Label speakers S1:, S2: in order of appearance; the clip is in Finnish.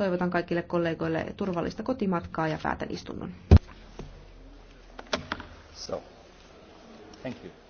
S1: Toivotan kaikille kollegoille turvallista kotimatkaa ja päätän istunnon.
S2: So, thank you.